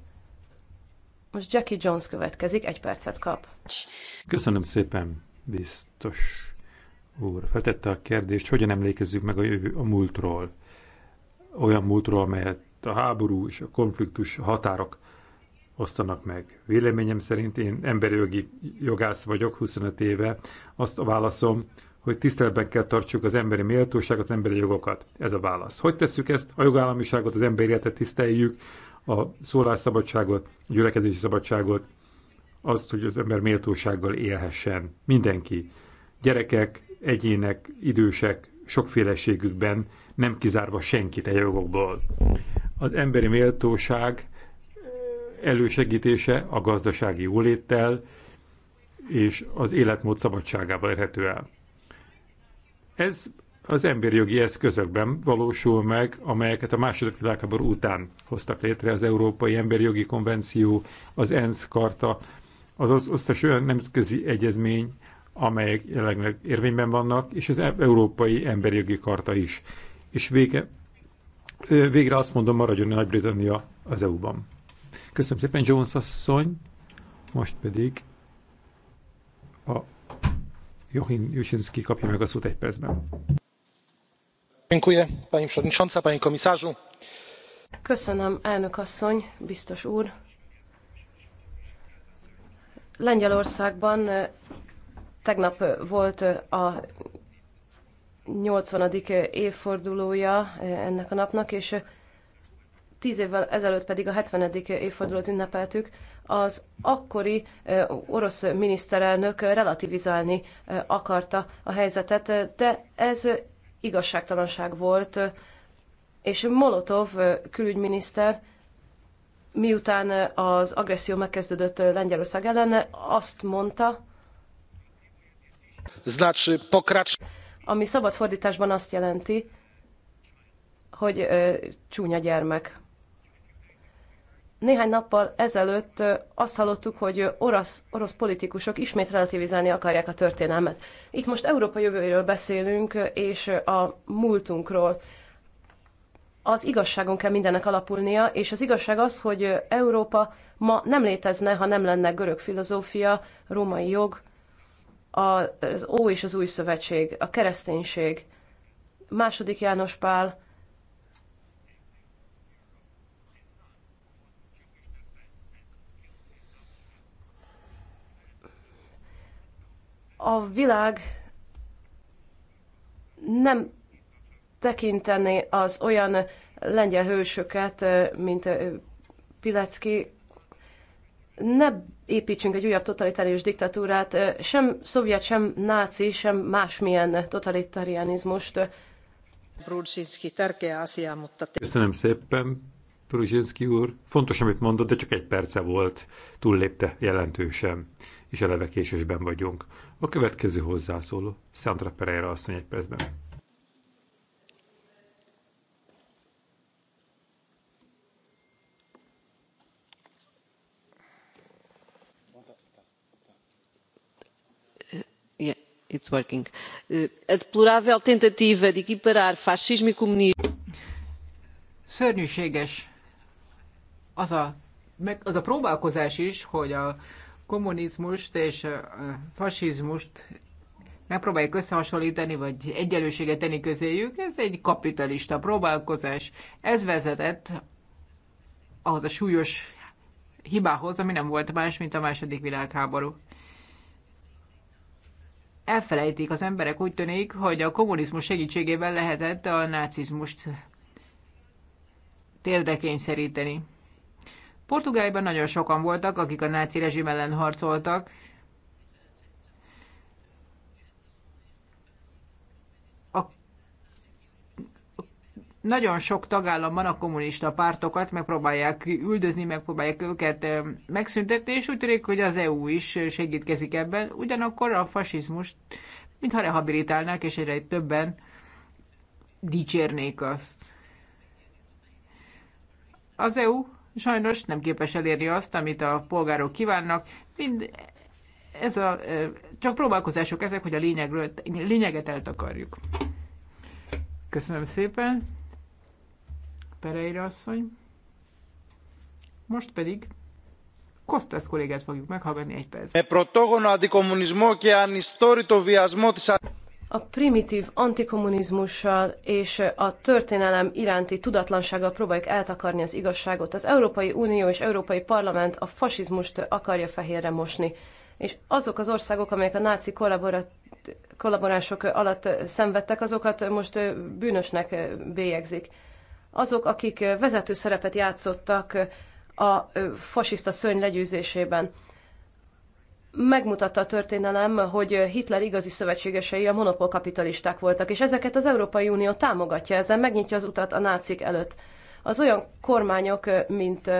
Most Jackie Jones következik, egy percet kap. Köszönöm szépen, biztos úr. Feltette a kérdést, hogyan emlékezzük meg a, jövő, a múltról. Olyan múltról, amelyet a háború és a konfliktus határok osztanak meg. Véleményem szerint én emberi jogi jogász vagyok, 25 éve. Azt a válaszom, hogy tiszteletben kell tartsuk az emberi méltóságot, az emberi jogokat. Ez a válasz. Hogy tesszük ezt? A jogállamiságot, az emberi életet tiszteljük, a szólásszabadságot, a gyülekezési szabadságot, azt, hogy az ember méltósággal élhessen. Mindenki. Gyerekek, egyének, idősek, sokféleségükben, nem kizárva senkit a e jogokból. Az emberi méltóság eh, elősegítése a gazdasági jóléttel és az életmód szabadságával érhető el. Ez az emberi jogi eszközökben valósul meg, amelyeket a második világháború után hoztak létre az Európai Emberi Jogi Konvenció, az ENSZ karta, az összes olyan nemzetközi egyezmény, amelyek jelenleg érvényben vannak, és az Európai Emberi Jogi Karta is. És vége, végre azt mondom, maradjon Nagy-Britannia az EU-ban. Köszönöm szépen, Jones asszony, most pedig a Jochin Jusinski kapja meg a szót egy percben. Köszönöm, elnök asszony, biztos úr. Lengyelországban eh, tegnap eh, volt eh, a 80. évfordulója ennek a napnak, és tíz évvel ezelőtt pedig a 70. évfordulót ünnepeltük, az akkori orosz miniszterelnök relativizálni akarta a helyzetet, de ez igazságtalanság volt, és Molotov külügyminiszter miután az agresszió megkezdődött Lengyelország ellen, azt mondta, Znaczy, pokracz... ami szabad fordításban azt jelenti, hogy ö, csúnya gyermek. Néhány nappal ezelőtt azt hallottuk, hogy orosz, orosz politikusok ismét relativizálni akarják a történelmet. Itt most Európa jövőjéről beszélünk, és a múltunkról. Az igazságon kell mindennek alapulnia, és az igazság az, hogy Európa ma nem létezne, ha nem lenne görög filozófia, római jog, az Ó és az Új Szövetség, a kereszténység, második János Pál, a világ nem tekinteni az olyan lengyel hősöket, mint Pilecki, ne építsünk egy újabb totalitárius diktatúrát, sem szovjet, sem náci, sem másmilyen totalitarianizmust. Köszönöm szépen, Pruzsinszki úr, fontos, amit mondott, de csak egy perce volt, túllépte jelentősen, és eleve késésben vagyunk. A következő hozzászóló, Sandra Pereira asszony egy percben. it's working. Uh, a deplorável tentativa de equiparar fascismo e comunismo. Szörnyűséges az a, meg az a próbálkozás is, hogy a kommunizmust és a fasizmust megpróbáljuk összehasonlítani, vagy egyenlőséget tenni közéjük, ez egy kapitalista próbálkozás. Ez vezetett ahhoz a súlyos hibához, ami nem volt más, mint a második világháború. Elfelejtik az emberek úgy tűnik, hogy a kommunizmus segítségével lehetett a nácizmust térdre kényszeríteni. Portugáliában nagyon sokan voltak, akik a náci rezsim ellen harcoltak. A... Nagyon sok tagállamban a kommunista pártokat megpróbálják üldözni, megpróbálják őket megszüntetni, és úgy tűnik, hogy az EU is segítkezik ebben. Ugyanakkor a fasizmust mintha rehabilitálnák, és egyre többen dicsérnék azt. Az EU sajnos nem képes elérni azt, amit a polgárok kívánnak. Mind ez a, csak próbálkozások ezek, hogy a lényegről, lényeget eltakarjuk. Köszönöm szépen. Pereira asszony. Most pedig Kostas kollégát fogjuk meghallgatni egy perc a primitív antikommunizmussal és a történelem iránti tudatlansággal próbáljuk eltakarni az igazságot. Az Európai Unió és Európai Parlament a fasizmust akarja fehérre mosni. És azok az országok, amelyek a náci kollaborat- kollaborások alatt szenvedtek, azokat most bűnösnek bélyegzik. Azok, akik vezető szerepet játszottak a fasiszta szörny legyőzésében megmutatta a történelem, hogy Hitler igazi szövetségesei a monopolkapitalisták voltak, és ezeket az Európai Unió támogatja, ezzel megnyitja az utat a nácik előtt. Az olyan kormányok, mint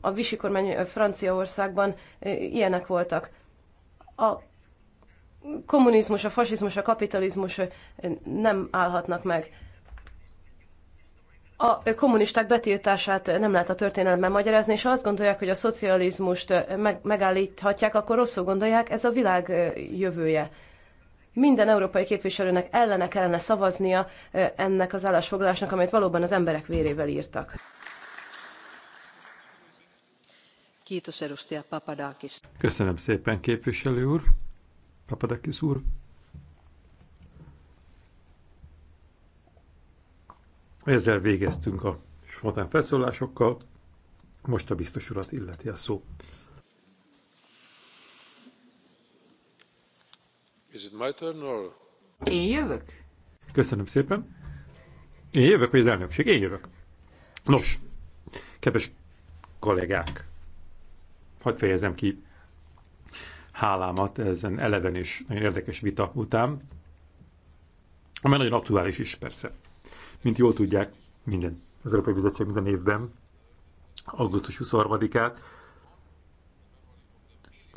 a Visi kormány Franciaországban ilyenek voltak. A kommunizmus, a fasizmus, a kapitalizmus nem állhatnak meg a kommunisták betiltását nem lehet a történelemben magyarázni, és ha azt gondolják, hogy a szocializmust meg, megállíthatják, akkor rosszul gondolják, ez a világ jövője. Minden európai képviselőnek ellene kellene szavaznia ennek az állásfoglalásnak, amelyet valóban az emberek vérével írtak. Köszönöm szépen, képviselő úr, Papadakis úr. Ezzel végeztünk a spontán felszólásokkal. Most a biztos urat illeti a szó. Is it my turn or... Én jövök? Köszönöm szépen. Én jövök, vagy az elnökség? Én jövök. Nos, kedves kollégák, hadd fejezem ki hálámat ezen eleven és nagyon érdekes vita után, amely nagyon aktuális is persze. Mint jól tudják, minden, az Európai Bizottság minden évben, augusztus 23-át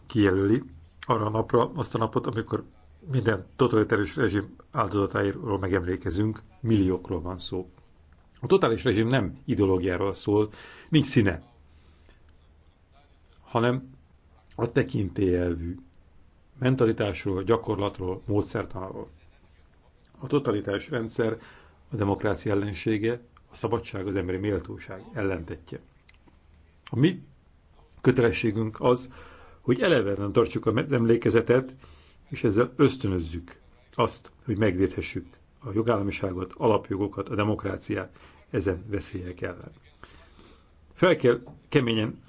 kijelöli arra a napra, azt a napot, amikor minden totalitárius rezsim áldozatáiról megemlékezünk, milliókról van szó. A totális rezsim nem ideológiáról szól, nincs színe, hanem a tekintélyelvű mentalitásról, gyakorlatról, módszertanáról. A totalitás rendszer a demokrácia ellensége, a szabadság, az emberi méltóság ellentetje. A mi kötelességünk az, hogy eleve nem tartsuk a emlékezetet, és ezzel ösztönözzük azt, hogy megvédhessük a jogállamiságot, alapjogokat, a demokráciát ezen veszélyek ellen. Fel kell keményen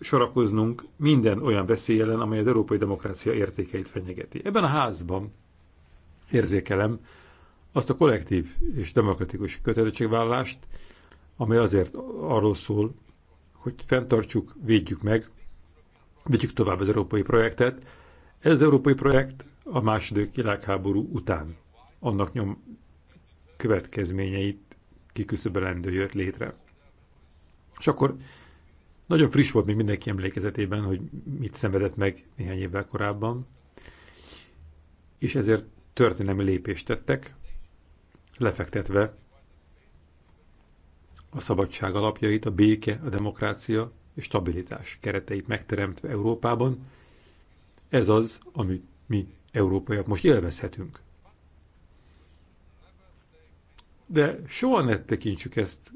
sorakoznunk minden olyan veszély ellen, amely az európai demokrácia értékeit fenyegeti. Ebben a házban érzékelem, azt a kollektív és demokratikus kötelezettségvállást, amely azért arról szól, hogy fenntartsuk, védjük meg, vigyük tovább az európai projektet. Ez az európai projekt a második világháború után annak nyom következményeit kiküszöbölendő jött létre. És akkor nagyon friss volt még mindenki emlékezetében, hogy mit szenvedett meg néhány évvel korábban, és ezért történelmi lépést tettek, lefektetve a szabadság alapjait, a béke, a demokrácia és stabilitás kereteit megteremtve Európában. Ez az, amit mi európaiak most élvezhetünk. De soha ne tekintsük ezt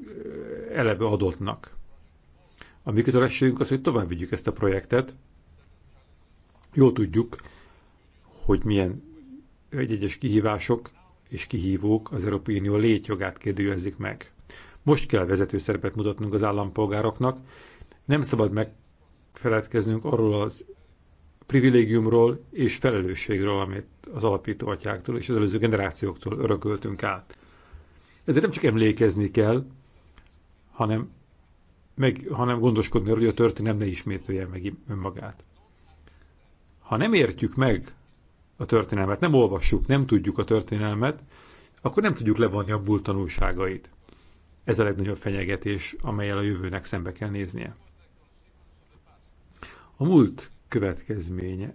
eh, eleve adottnak. A mi kötelességünk az, hogy tovább vigyük ezt a projektet. jó tudjuk, hogy milyen egy egyes kihívások és kihívók az Európai Unió létjogát kérdőjelezik meg. Most kell vezető szerepet mutatnunk az állampolgároknak, nem szabad megfeledkeznünk arról az privilégiumról és felelősségről, amit az alapító atyáktól és az előző generációktól örököltünk át. Ezért nem csak emlékezni kell, hanem, meg, hanem gondoskodni arról, hogy a történet ne ismételje meg önmagát. Ha nem értjük meg a történelmet, nem olvassuk, nem tudjuk a történelmet, akkor nem tudjuk levonni a bull tanulságait. Ez a legnagyobb fenyegetés, amelyel a jövőnek szembe kell néznie. A múlt következménye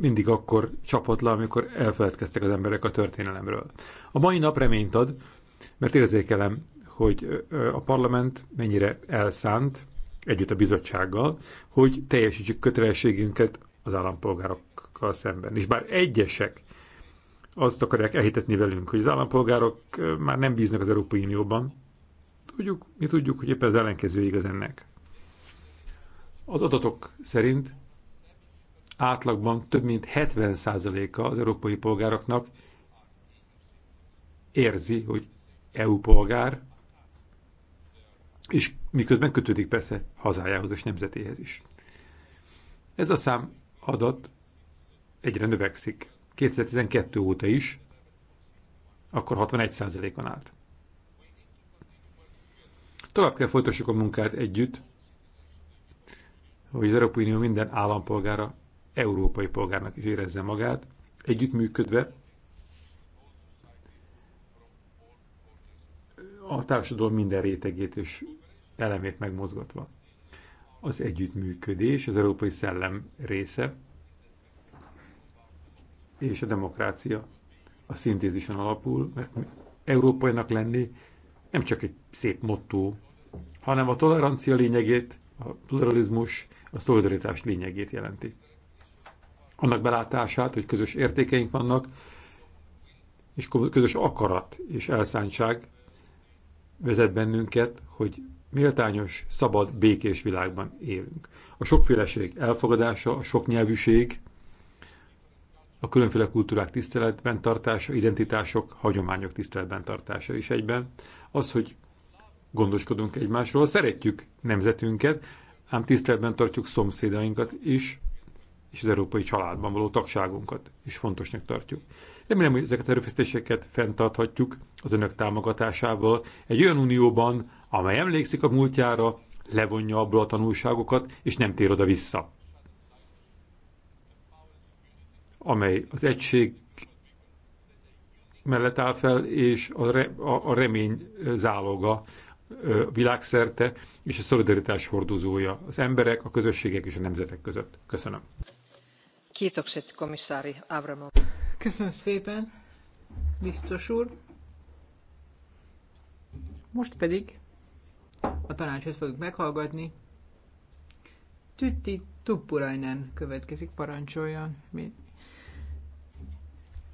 mindig akkor csapott le, amikor elfeledkeztek az emberek a történelemről. A mai nap reményt ad, mert érzékelem, hogy a parlament mennyire elszánt, együtt a bizottsággal, hogy teljesítsük kötelességünket az állampolgárokkal szemben. És bár egyesek azt akarják elhitetni velünk, hogy az állampolgárok már nem bíznak az Európai Unióban, tudjuk, mi tudjuk, hogy éppen az ellenkező igaz ennek. Az adatok szerint átlagban több mint 70%-a az európai polgároknak érzi, hogy EU polgár, és miközben kötődik persze hazájához és nemzetéhez is. Ez a szám adat egyre növekszik. 2012 óta is, akkor 61%-on állt. Tovább kell folytassuk a munkát együtt, hogy az Európai Unió minden állampolgára, európai polgárnak is érezze magát, együttműködve a társadalom minden rétegét és elemét megmozgatva az együttműködés, az európai szellem része, és a demokrácia a szintézisen alapul, mert európainak lenni nem csak egy szép motto, hanem a tolerancia lényegét, a pluralizmus, a szolidaritás lényegét jelenti. Annak belátását, hogy közös értékeink vannak, és közös akarat és elszántság vezet bennünket, hogy méltányos, szabad, békés világban élünk. A sokféleség elfogadása, a soknyelvűség, a különféle kultúrák tiszteletben tartása, identitások, hagyományok tiszteletben tartása is egyben. Az, hogy gondoskodunk egymásról, szeretjük nemzetünket, ám tiszteletben tartjuk szomszédainkat is, és az európai családban való tagságunkat is fontosnak tartjuk. Remélem, hogy ezeket a erőfeszítéseket fenntarthatjuk az önök támogatásával egy olyan unióban, amely emlékszik a múltjára, levonja abból a tanulságokat, és nem tér oda vissza. Amely az egység mellett áll fel, és a, re, a, a remény záloga világszerte, és a szolidaritás hordozója az emberek, a közösségek és a nemzetek között. Köszönöm. Kiitokset, komissári Avramov. Köszönöm szépen, biztos úr. Most pedig a tanácsot fogjuk meghallgatni. Tütti Tuppurainen következik, parancsoljon.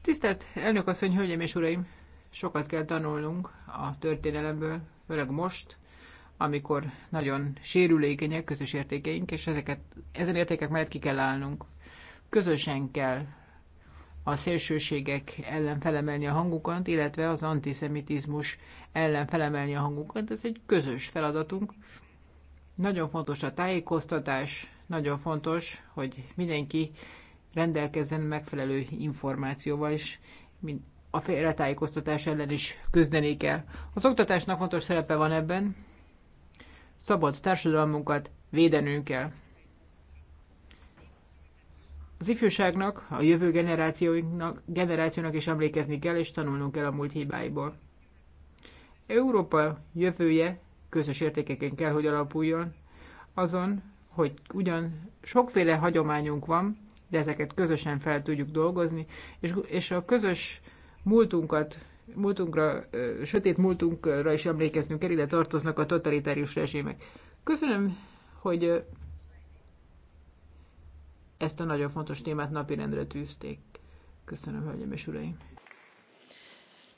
Tisztelt elnök asszony, hölgyeim és uraim! Sokat kell tanulnunk a történelemből, főleg most, amikor nagyon sérülékenyek közös értékeink, és ezeket, ezen értékek mellett ki kell állnunk. Közösen kell a szélsőségek ellen felemelni a hangukat, illetve az antiszemitizmus ellen felemelni a hangukat. Ez egy közös feladatunk. Nagyon fontos a tájékoztatás, nagyon fontos, hogy mindenki rendelkezzen megfelelő információval, és a félretájékoztatás ellen is küzdeni kell. Az oktatásnak fontos szerepe van ebben. Szabad társadalmunkat védenünk kell. Az ifjúságnak, a jövő generációinak generációnak is emlékezni kell, és tanulnunk kell a múlt hibáiból. Európa jövője közös értékeken kell, hogy alapuljon, azon, hogy ugyan sokféle hagyományunk van, de ezeket közösen fel tudjuk dolgozni, és, és a közös múltunkat, múltunkra, sötét múltunkra is emlékeznünk kell, ide tartoznak a totalitárius rezsimek. Köszönöm, hogy ezt a nagyon fontos témát napirendre tűzték. Köszönöm, hölgyeim és uraim!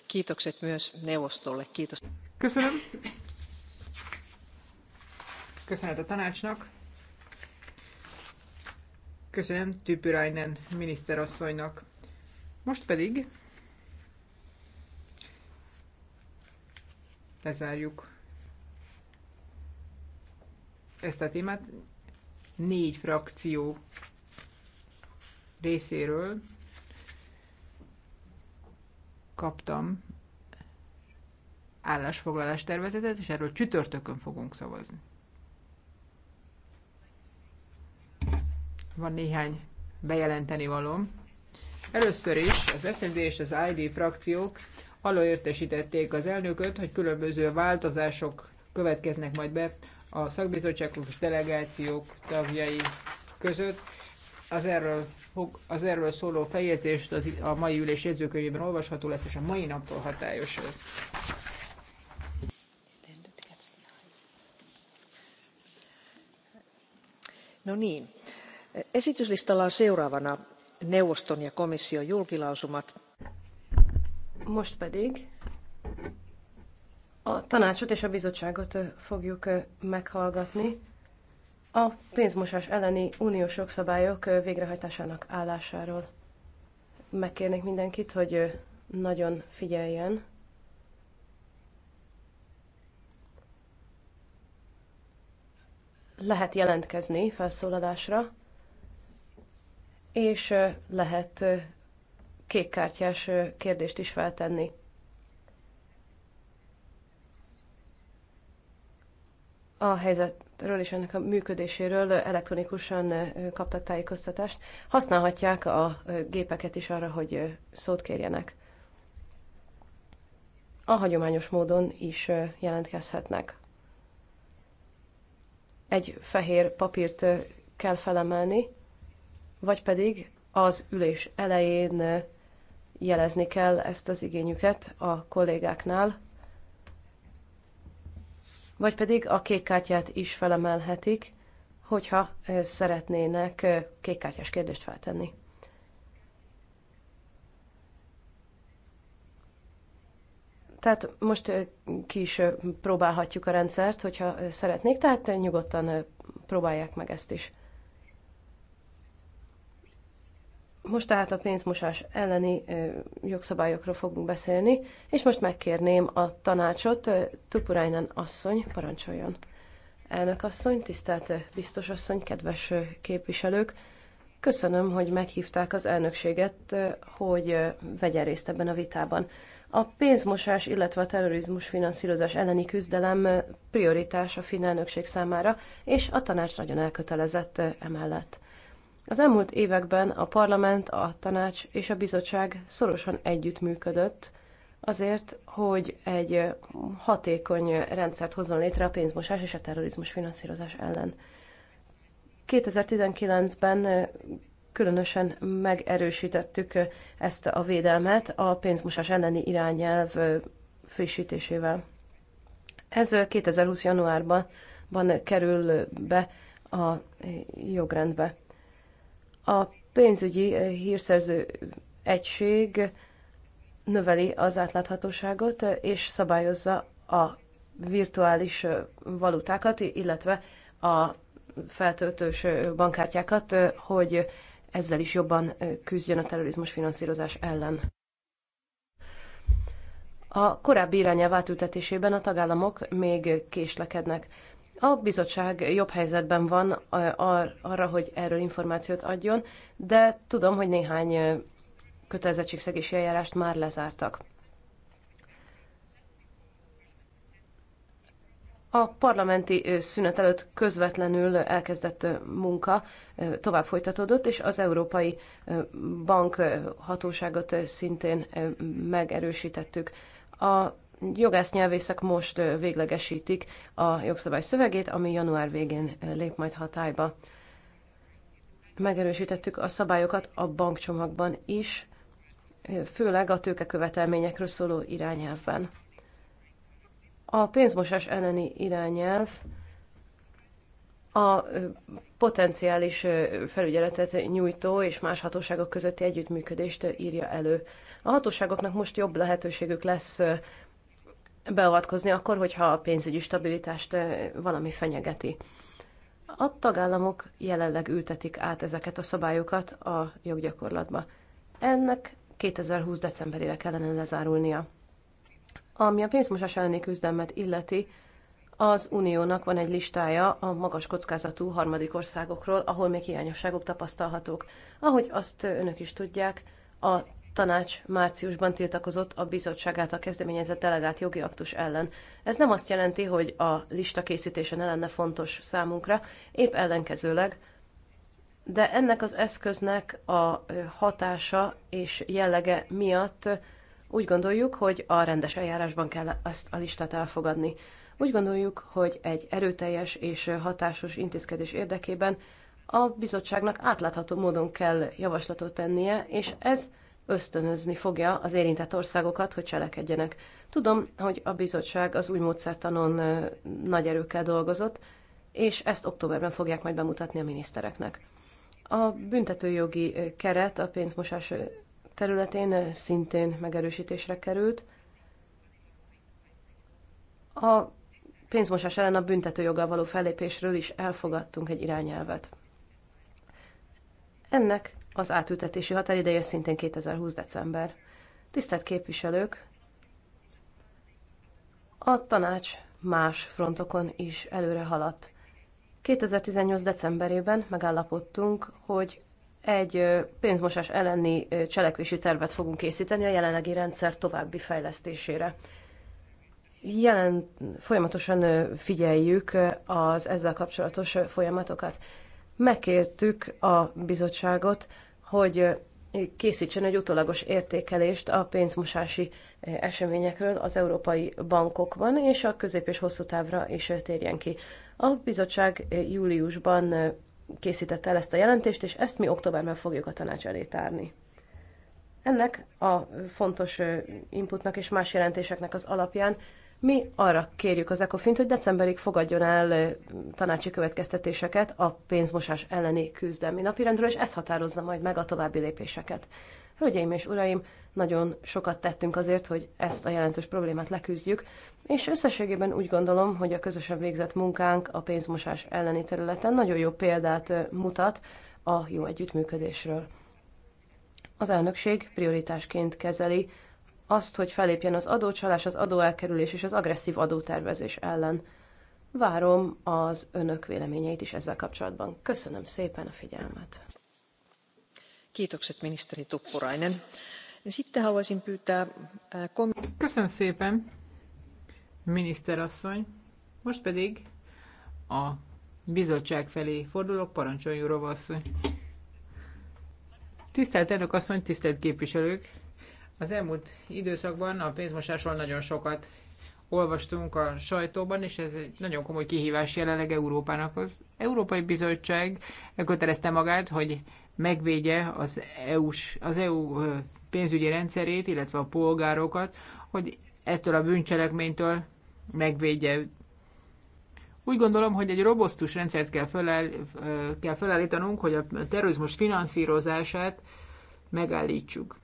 Kiitokset myös neuvostolle. Kiitos. Köszönöm. Köszönet a tanácsnak. Köszönöm Tüpürájnen miniszterasszonynak. Most pedig lezárjuk ezt a témát. Négy frakció részéről kaptam állásfoglalás tervezetet, és erről csütörtökön fogunk szavazni. Van néhány bejelenteni valom. Először is az SZD és az ID frakciók alól értesítették az elnököt, hogy különböző változások következnek majd be a szakbizottságok és delegációk tagjai között. Az erről, fog, az erről szóló feljegyzést az, a mai ülés jegyzőkönyvében olvasható lesz, és a mai naptól hatályos ez. No niin. Esityslistalla on seuraavana neuvoston ja komission julkilausumat. Most pedig a tanácsot és a bizottságot fogjuk meghallgatni a pénzmosás elleni uniós jogszabályok végrehajtásának állásáról. Megkérnék mindenkit, hogy nagyon figyeljen. Lehet jelentkezni felszólalásra, és lehet kékkártyás kérdést is feltenni. A helyzet ről és ennek a működéséről elektronikusan kaptak tájékoztatást, használhatják a gépeket is arra, hogy szót kérjenek. A hagyományos módon is jelentkezhetnek. Egy fehér papírt kell felemelni, vagy pedig az ülés elején jelezni kell ezt az igényüket a kollégáknál, vagy pedig a kék kártyát is felemelhetik, hogyha szeretnének kékkártyás kérdést feltenni. Tehát most ki is próbálhatjuk a rendszert, hogyha szeretnék, tehát nyugodtan próbálják meg ezt is. Most tehát a pénzmosás elleni jogszabályokról fogunk beszélni, és most megkérném a tanácsot, Tupurainen asszony, parancsoljon. Elnök asszony, tisztelt biztos asszony, kedves képviselők, köszönöm, hogy meghívták az elnökséget, hogy vegyen részt ebben a vitában. A pénzmosás, illetve a terrorizmus finanszírozás elleni küzdelem prioritás a finn elnökség számára, és a tanács nagyon elkötelezett emellett. Az elmúlt években a parlament, a tanács és a bizottság szorosan együttműködött azért, hogy egy hatékony rendszert hozzon létre a pénzmosás és a terrorizmus finanszírozás ellen. 2019-ben különösen megerősítettük ezt a védelmet a pénzmosás elleni irányelv frissítésével. Ez 2020. januárban kerül be a jogrendbe. A pénzügyi eh, hírszerző egység növeli az átláthatóságot eh, és szabályozza a virtuális eh, valutákat, illetve a feltöltős bankkártyákat, hogy ezzel is jobban küzdjön a terrorizmus finanszírozás ellen. A korábbi irányelv átültetésében a tagállamok még késlekednek. A bizottság jobb helyzetben van arra, hogy erről információt adjon, de tudom, hogy néhány kötelezettségszegési eljárást már lezártak. A parlamenti szünet előtt közvetlenül elkezdett munka tovább folytatódott, és az Európai Bank hatóságot szintén megerősítettük. A nyelvészek most véglegesítik a jogszabály szövegét, ami január végén lép majd hatályba. Megerősítettük a szabályokat a bankcsomagban is, főleg a tőkekövetelményekről szóló irányelvben. A pénzmosás elleni irányelv a potenciális felügyeletet nyújtó és más hatóságok közötti együttműködést írja elő. A hatóságoknak most jobb lehetőségük lesz beavatkozni akkor, hogyha a pénzügyi stabilitást eh, valami fenyegeti. A tagállamok jelenleg ültetik át ezeket a szabályokat a joggyakorlatba. Ennek 2020. decemberére kellene lezárulnia. Ami a pénzmosás elleni küzdelmet illeti, az Uniónak van egy listája a magas kockázatú harmadik országokról, ahol még hiányosságok tapasztalhatók. Ahogy azt eh, önök is tudják, a tanács márciusban tiltakozott a bizottság által kezdeményezett delegált jogi aktus ellen. Ez nem azt jelenti, hogy a lista készítése ne lenne fontos számunkra, épp ellenkezőleg, de ennek az eszköznek a hatása és jellege miatt úgy gondoljuk, hogy a rendes eljárásban kell ezt a listát elfogadni. Úgy gondoljuk, hogy egy erőteljes és hatásos intézkedés érdekében a bizottságnak átlátható módon kell javaslatot tennie, és ez ösztönözni fogja az érintett országokat, hogy cselekedjenek. Tudom, hogy a bizottság az új módszertanon nagy erőkkel dolgozott, és ezt októberben fogják majd bemutatni a minisztereknek. A büntetőjogi keret a pénzmosás területén szintén megerősítésre került. A pénzmosás ellen a büntetőjoggal való fellépésről is elfogadtunk egy irányelvet. Ennek az átültetési határideje szintén 2020. december. Tisztelt képviselők! A tanács más frontokon is előre haladt. 2018. decemberében megállapodtunk, hogy egy pénzmosás elleni cselekvési tervet fogunk készíteni a jelenlegi rendszer további fejlesztésére. Jelen folyamatosan figyeljük az ezzel kapcsolatos folyamatokat megkértük a bizottságot, hogy készítsen egy utólagos értékelést a pénzmosási eseményekről az európai bankokban, és a közép- és hosszú távra is térjen ki. A bizottság júliusban készítette el ezt a jelentést, és ezt mi októberben fogjuk a tanács elé tárni. Ennek a fontos inputnak és más jelentéseknek az alapján mi arra kérjük az ECOFINT, hogy decemberig fogadjon el tanácsi következtetéseket a pénzmosás elleni küzdelmi napirendről, és ez határozza majd meg a további lépéseket. Hölgyeim és uraim, nagyon sokat tettünk azért, hogy ezt a jelentős problémát leküzdjük, és összességében úgy gondolom, hogy a közösen végzett munkánk a pénzmosás elleni területen nagyon jó példát mutat a jó együttműködésről. Az elnökség prioritásként kezeli azt, hogy felépjen az adócsalás, az adóelkerülés és az agresszív adótervezés ellen. Várom az önök véleményeit is ezzel kapcsolatban. Köszönöm szépen a figyelmet. Kiitokset miniszteri Tuppurainen. Sitten haluaisin pyytää... Köszönöm szépen, miniszterasszony. Most pedig a bizottság felé fordulok, parancsoljon Jurova asszony. Tisztelt elnök asszony, tisztelt képviselők! Az elmúlt időszakban a pénzmosásról nagyon sokat olvastunk a sajtóban, és ez egy nagyon komoly kihívás jelenleg Európának. Az Európai Bizottság kötelezte magát, hogy megvédje az, eu az EU pénzügyi rendszerét, illetve a polgárokat, hogy ettől a bűncselekménytől megvédje. Úgy gondolom, hogy egy robosztus rendszert kell, felel, kell felállítanunk, hogy a terrorizmus finanszírozását megállítsuk.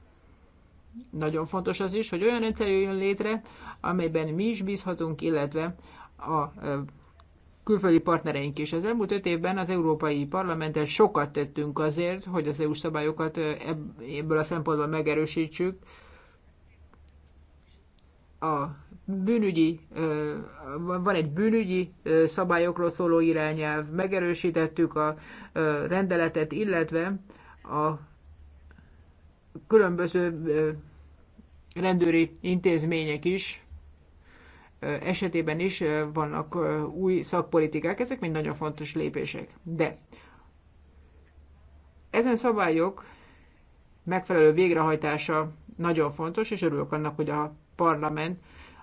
Nagyon fontos az is, hogy olyan rendszer jön létre, amelyben mi is bízhatunk, illetve a külföldi partnereink is. Az elmúlt öt évben az Európai Parlamenttel sokat tettünk azért, hogy az EU szabályokat ebből a szempontból megerősítsük. A bűnügyi, van egy bűnügyi szabályokról szóló irányelv, megerősítettük a rendeletet, illetve a különböző rendőri intézmények is esetében is vannak új szakpolitikák, ezek mind nagyon fontos lépések. De ezen szabályok megfelelő végrehajtása nagyon fontos, és örülök annak, hogy a parlament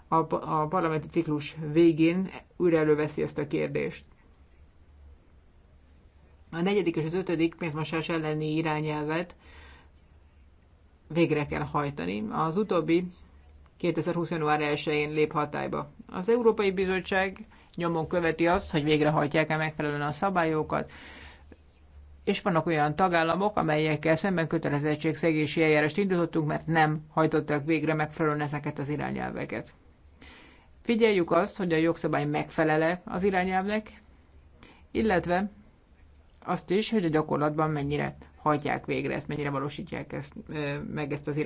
a, parlamenti ciklus végén újra előveszi ezt a kérdést. A negyedik és az ötödik pénzmosás elleni irányelvet végre kell hajtani. Az utóbbi 2020. január 1-én lép hatályba. Az Európai Bizottság nyomon követi azt, hogy végrehajtják-e megfelelően a szabályokat, és vannak olyan tagállamok, amelyekkel szemben kötelezettségszegési eljárást indítottunk, mert nem hajtották végre megfelelően ezeket az irányelveket. Figyeljük azt, hogy a jogszabály megfelele az irányelvnek, illetve azt is, hogy a gyakorlatban mennyire hajtják végre ezt, mennyire valósítják ezt, meg ezt az irányt.